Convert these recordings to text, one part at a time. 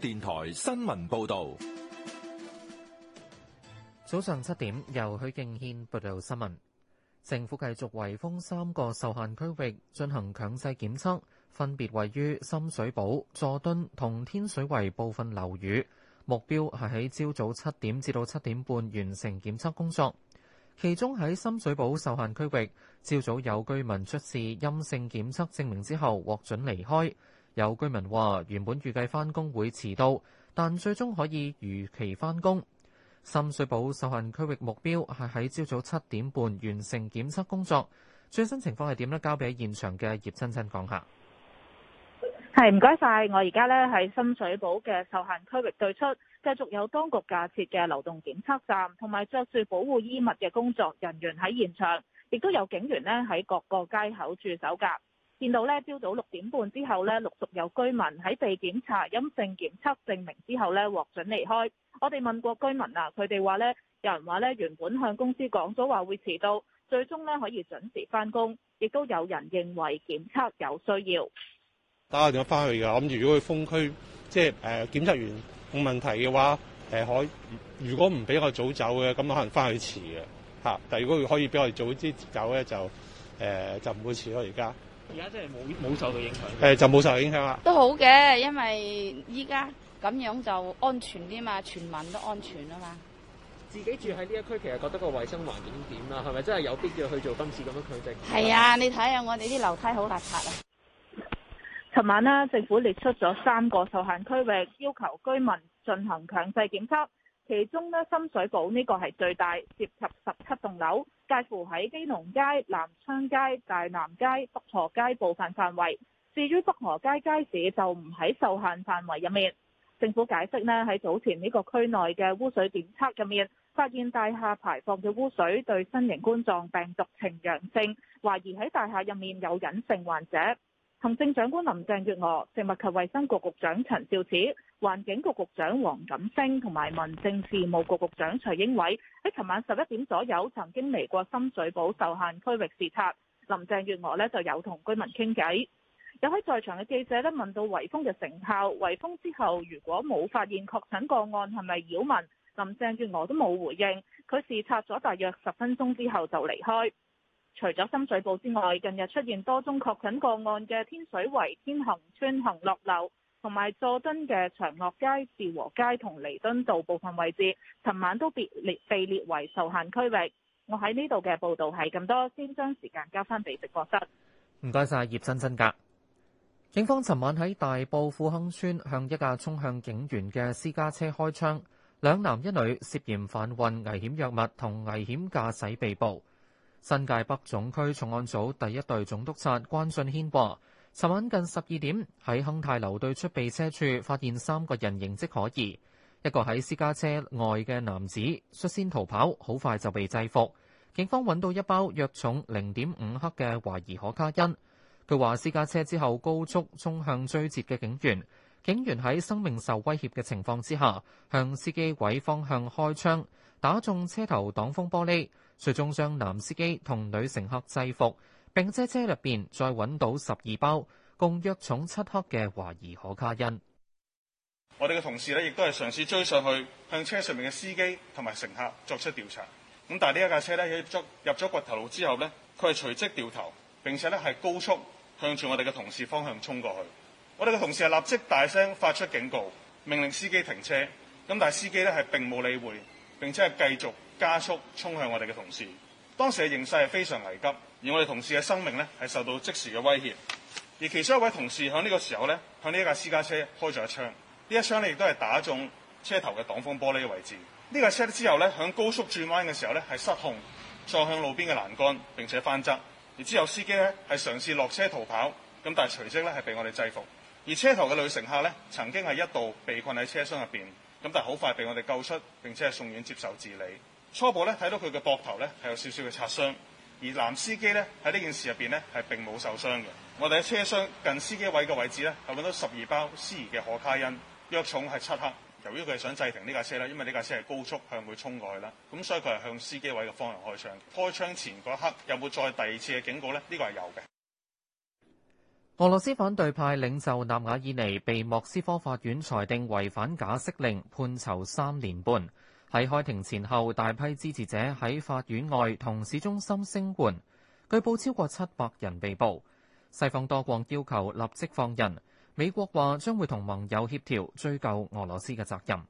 電台新聞報道，早上七點由許敬軒報道新聞。政府繼續圍封三個受限區域進行強制檢測，分別位於深水埗、佐敦同天水圍部分樓宇。目標係喺朝早七點至到七點半完成檢測工作。其中喺深水埗受限區域，朝早有居民出示陰性檢測證明之後獲准離開。有居民話原本預計返工會遲到，但最終可以如期返工。深水埗受限區域目標係喺朝早七點半完成檢測工作。最新情況係點呢？交俾現場嘅葉真真講下。係，唔該晒，我而家呢喺深水埗嘅受限區域對出，繼續有當局架設嘅流動檢測站，同埋着住保護衣物嘅工作人員喺現場，亦都有警員呢喺各個街口駐守噶。見到咧，朝早六點半之後咧，陸續有居民喺被檢查陰性檢測證明之後咧獲准離開。我哋問過居民啊，佢哋話咧，有人話咧原本向公司講咗話會遲到，最終咧可以準時返工，亦都有人認為檢測有需要打個電話返去㗎。我諗，如果佢封區，即係誒檢測完冇問題嘅話，誒可如果唔俾我早走嘅，咁可能返去遲嘅嚇。但係如果佢可以俾我哋早啲走咧，就誒就唔會遲咯。而家。而家真係冇冇受到影響。誒，就冇受到影響啦。都好嘅，因為依家咁樣就安全啲嘛，全民都安全啊嘛。自己住喺呢一區，其實覺得個衞生環境點啊？係咪真係有必要去做今次咁樣強制？係啊的，的你睇下我哋啲樓梯好邋遢啊！尋晚啦，政府列出咗三個受限區域，要求居民進行強制檢測。其中呢深水埗呢個係最大，涉及十七棟樓，介乎喺基隆街、南昌街、大南街、北河街部分範圍。至於北河街街市就唔喺受限範圍入面。政府解釋呢，喺早前呢個區內嘅污水檢測入面，發現大廈排放嘅污水對新型冠狀病毒呈陽性，懷疑喺大廈入面有隱性患者。行政長官林鄭月娥、食物及衛生局局長陳肇始、環境局局長黃錦星同埋民政事務局局長徐英偉喺尋晚十一點左右曾經嚟過深水埗受限區域視察。林鄭月娥呢就有同居民傾偈。有喺在，在場嘅記者呢問到圍封嘅成效，圍封之後如果冇發現確診個案係咪擾民，林鄭月娥都冇回應。佢視察咗大約十分鐘之後就離開。除咗深水埗之外，近日出現多宗確診個案嘅天水圍天恆村恆樂樓，同埋佐敦嘅長樂街、兆和街同彌敦道部分位置，尋晚都被列被列為受限區域。我喺呢度嘅報道係咁多，先將時間交翻俾直播室。唔該晒，葉真真㗎。警方尋晚喺大埔富亨村向一架衝向警員嘅私家車開槍，兩男一女涉嫌販運危險藥物同危險駕駛被捕。新界北總區重案組第一隊總督察關俊軒話，尋晚近十二點喺亨泰樓對出避車處發現三個人形跡可疑，一個喺私家車外嘅男子率先逃跑，好快就被制服。警方揾到一包約重零點五克嘅懷疑可卡因。佢話：私家車之後高速衝向追截嘅警員，警員喺生命受威脅嘅情況之下，向司機位方向開槍，打中車頭擋風玻璃。最終將男司機同女乘客制服，並在車入邊再揾到十二包共約重七克嘅懷疑可卡因。我哋嘅同事咧，亦都係嘗試追上去，向車上面嘅司機同埋乘客作出調查。咁但係呢一架車咧，喺入入咗掘頭路之後咧，佢係隨即掉頭，並且咧係高速向住我哋嘅同事方向衝過去。我哋嘅同事係立即大聲發出警告，命令司機停車。咁但係司機咧係並冇理會。並且係繼續加速衝向我哋嘅同事。當時嘅形勢係非常危急，而我哋同事嘅生命咧係受到即時嘅威脅。而其中一位同事喺呢個時候咧，向呢一架私家車開咗一槍。呢一槍咧亦都係打中車頭嘅擋風玻璃嘅位置。呢架車之後咧，喺高速轉彎嘅時候咧係失控撞向路邊嘅欄杆，並且翻側。而之後司機咧係嘗試落車逃跑，咁但係隨即咧係被我哋制服。而車頭嘅女乘客咧曾經係一度被困喺車廂入邊。咁但係好快被我哋救出，並且係送院接受治理。初步咧睇到佢嘅膊頭咧係有少少嘅擦傷，而男司機咧喺呢件事入邊咧係並冇受傷嘅。我哋喺車廂近司機位嘅位置咧係揾到十二包司儀嘅可卡因，約重係七克。由於佢係想制停呢架車啦，因為呢架車係高速向佢衝過去啦，咁所以佢係向司機位嘅方向開槍。開槍前嗰一刻有冇再第二次嘅警告咧？呢、呢個係有嘅。俄羅斯反對派領袖納瓦爾尼被莫斯科法院裁定違反假釋令，判囚三年半。喺開庭前後，大批支持者喺法院外同市中心聲援。據報超過七百人被捕。西方多國要求立即放人。美國話將會同盟友協調追究俄羅斯嘅責任。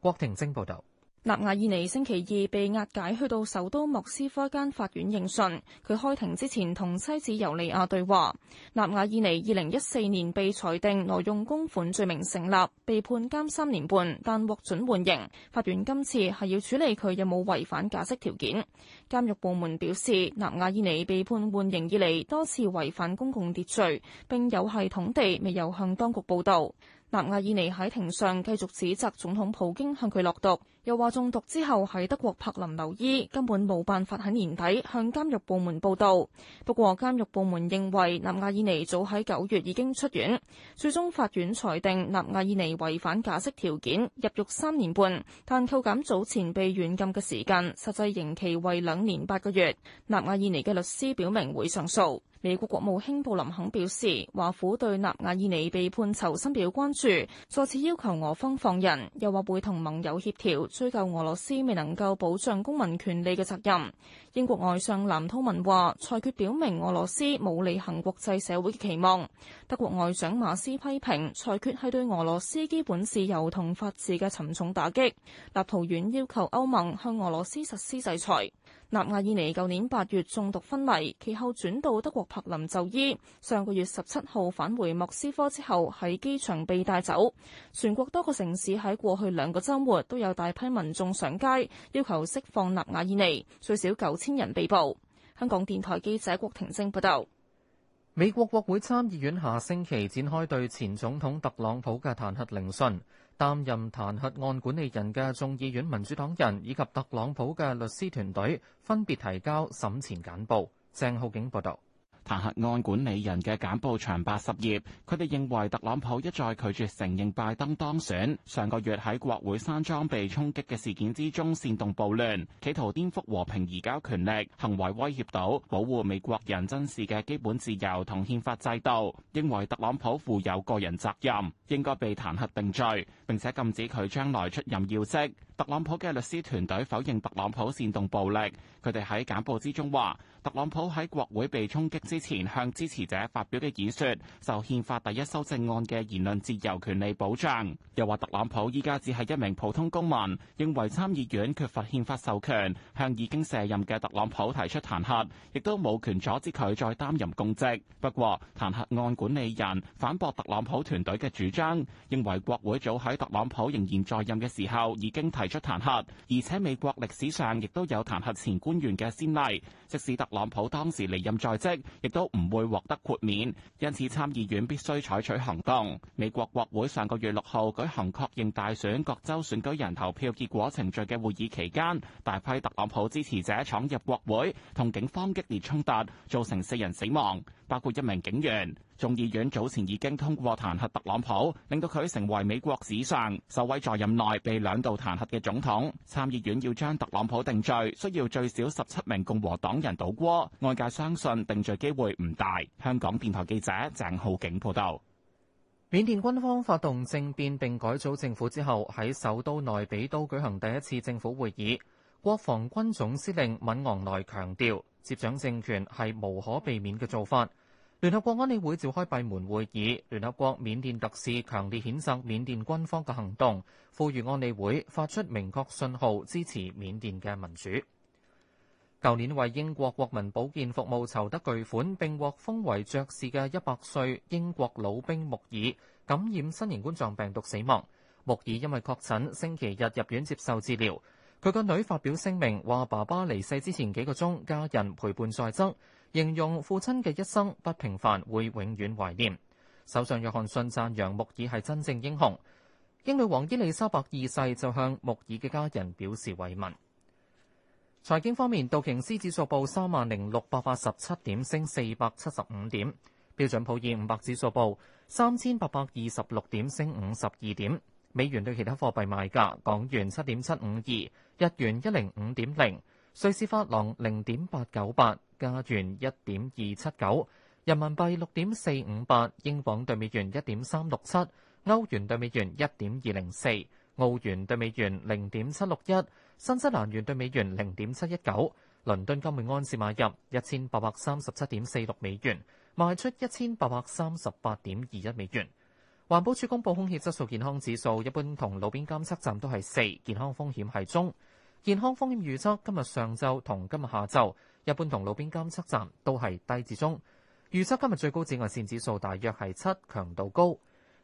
郭婷晶報道。納瓦爾尼星期二被押解去到首都莫斯科一間法院應訊。佢開庭之前同妻子尤利亞對話。納瓦爾尼二零一四年被裁定挪用公款罪名成立，被判監三年半，但獲准緩刑。法院今次係要處理佢有冇違反假釋條件。監獄部門表示，納瓦爾尼被判緩刑以嚟多次違反公共秩序，並有系統地未有向當局報導。納亞爾尼喺庭上繼續指責總統普京向佢落毒，又話中毒之後喺德國柏林留醫，根本冇辦法喺年底向監獄部門報到。不過監獄部門認為納亞爾尼早喺九月已經出院。最終法院裁定納亞爾尼違反假釋條件，入獄三年半，但扣減早前被軟禁嘅時間，實際刑期為兩年八個月。納亞爾尼嘅律師表明會上訴。美國國務卿布林肯表示，華府對納瓦爾尼被判囚深表關注，再次要求俄方放人，又話會同盟友協調追究俄羅斯未能夠保障公民權利嘅責任。英國外相藍韜文話，裁決表明俄羅斯冇履行國際社會嘅期望。德國外長馬斯批評，裁決係對俄羅斯基本自由同法治嘅沉重打擊。立陶宛要求歐盟向俄羅斯實施制裁。納瓦爾尼舊年八月中毒昏迷，其後轉到德國柏林就醫。上個月十七號返回莫斯科之後，喺機場被帶走。全國多個城市喺過去兩個周末都有大批民眾上街要求釋放納瓦爾尼，最少九千人被捕。香港電台記者郭婷晶報道。美國國會參議院下星期展開對前總統特朗普嘅彈劾聆訊。擔任彈劾案管理人嘅眾議院民主黨人以及特朗普嘅律師團隊分別提交審前簡報。鄭浩景報道。彈劾案管理人嘅簡報長八十頁，佢哋認為特朗普一再拒絕承認拜登當選，上個月喺國會山莊被衝擊嘅事件之中煽動暴亂，企圖顛覆和平移交權力，行為威脅到保護美國人真事嘅基本自由同憲法制度，認為特朗普負有個人責任，應該被彈劾定罪，並且禁止佢將來出任要職。特朗普嘅律師團隊否認特朗普煽動暴力。佢哋喺簡報之中話特朗普喺國會被衝擊之前向支持者發表嘅演說受憲法第一修正案嘅言論自由權利保障。又話特朗普依家只係一名普通公民，認為參議院缺乏憲法授權向已經卸任嘅特朗普提出彈劾，亦都冇權阻止佢再擔任公職。不過彈劾案管理人反駁特朗普團隊嘅主張，認為國會早喺特朗普仍然在任嘅時候已經提。提出彈劾，而且美國歷史上亦都有彈劾前官員嘅先例。即使特朗普當時離任在職，亦都唔會獲得豁免，因此參議院必須採取行動。美國國會上個月六號舉行確認大選各州選舉人投票結果程序嘅會議期間，大批特朗普支持者闖入國會，同警方激烈衝突，造成四人死亡，包括一名警員。眾議院早前已經通過彈劾特朗普，令到佢成為美國史上首位在任內被兩度彈劾嘅總統。參議院要將特朗普定罪，需要最少十七名共和黨人倒戈。外界相信定罪機會唔大。香港電台記者鄭浩景報道。緬甸軍方發動政變並改組政府之後，喺首都內比都舉行第一次政府會議。國防軍總司令敏昂萊強調，接掌政權係無可避免嘅做法。聯合國安理會召開閉門會議，聯合國緬甸特使強烈譴責緬甸軍方嘅行動，呼籲安理會發出明確信號，支持緬甸嘅民主。舊年為英國國民保健服務籌得巨款並獲封為爵士嘅一百歲英國老兵穆爾感染新型冠狀病毒死亡。穆爾因為確診，星期日入院接受治療。佢個女發表聲明話：爸爸離世之前幾個鐘，家人陪伴在側。形容父親嘅一生不平凡，會永遠懷念。首相約翰遜讚揚穆爾係真正英雄。英女王伊麗莎白二世就向穆爾嘅家人表示慰問。財經方面，道瓊斯指數報三萬零六百八十七點，升四百七十五點；標準普爾五百指數報三千八百二十六點，升五十二點。美元對其他貨幣賣價：港元七點七五二，日元一零五點零，瑞士法郎零點八九八。加元一點二七九，人民幣六點四五八，英鎊對美元一點三六七，歐元對美元一點二零四，澳元對美元零點七六一，新西蘭元對美元零點七一九，倫敦金每盎司買入一千八百三十七點四六美元，賣出一千八百三十八點二一美元。環保署公布空氣質素健康指數，一般同路邊監測站都係四，健康風險係中。健康風險預測今日上晝同今日下晝。一般同路邊監測站都係低至中，預測今日最高紫外線指數大約係七，強度高。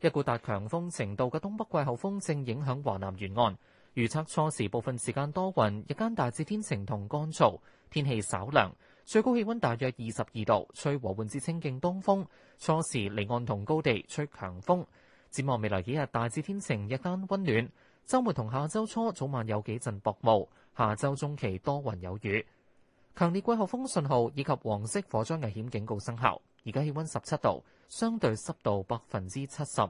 一股達強風程度嘅東北季候風正影響華南沿岸，預測初時部分時間多雲，日間大致天晴同乾燥，天氣稍涼，最高氣溫大約二十二度，吹和緩至清勁東風。初時離岸同高地吹強風。展望未來幾日大致天晴，日間溫暖，周末同下周初早晚有幾陣薄霧，下周中期多雲有雨。強烈季候風信號以及黃色火災危險警告生效。而家氣溫十七度，相對濕度百分之七十。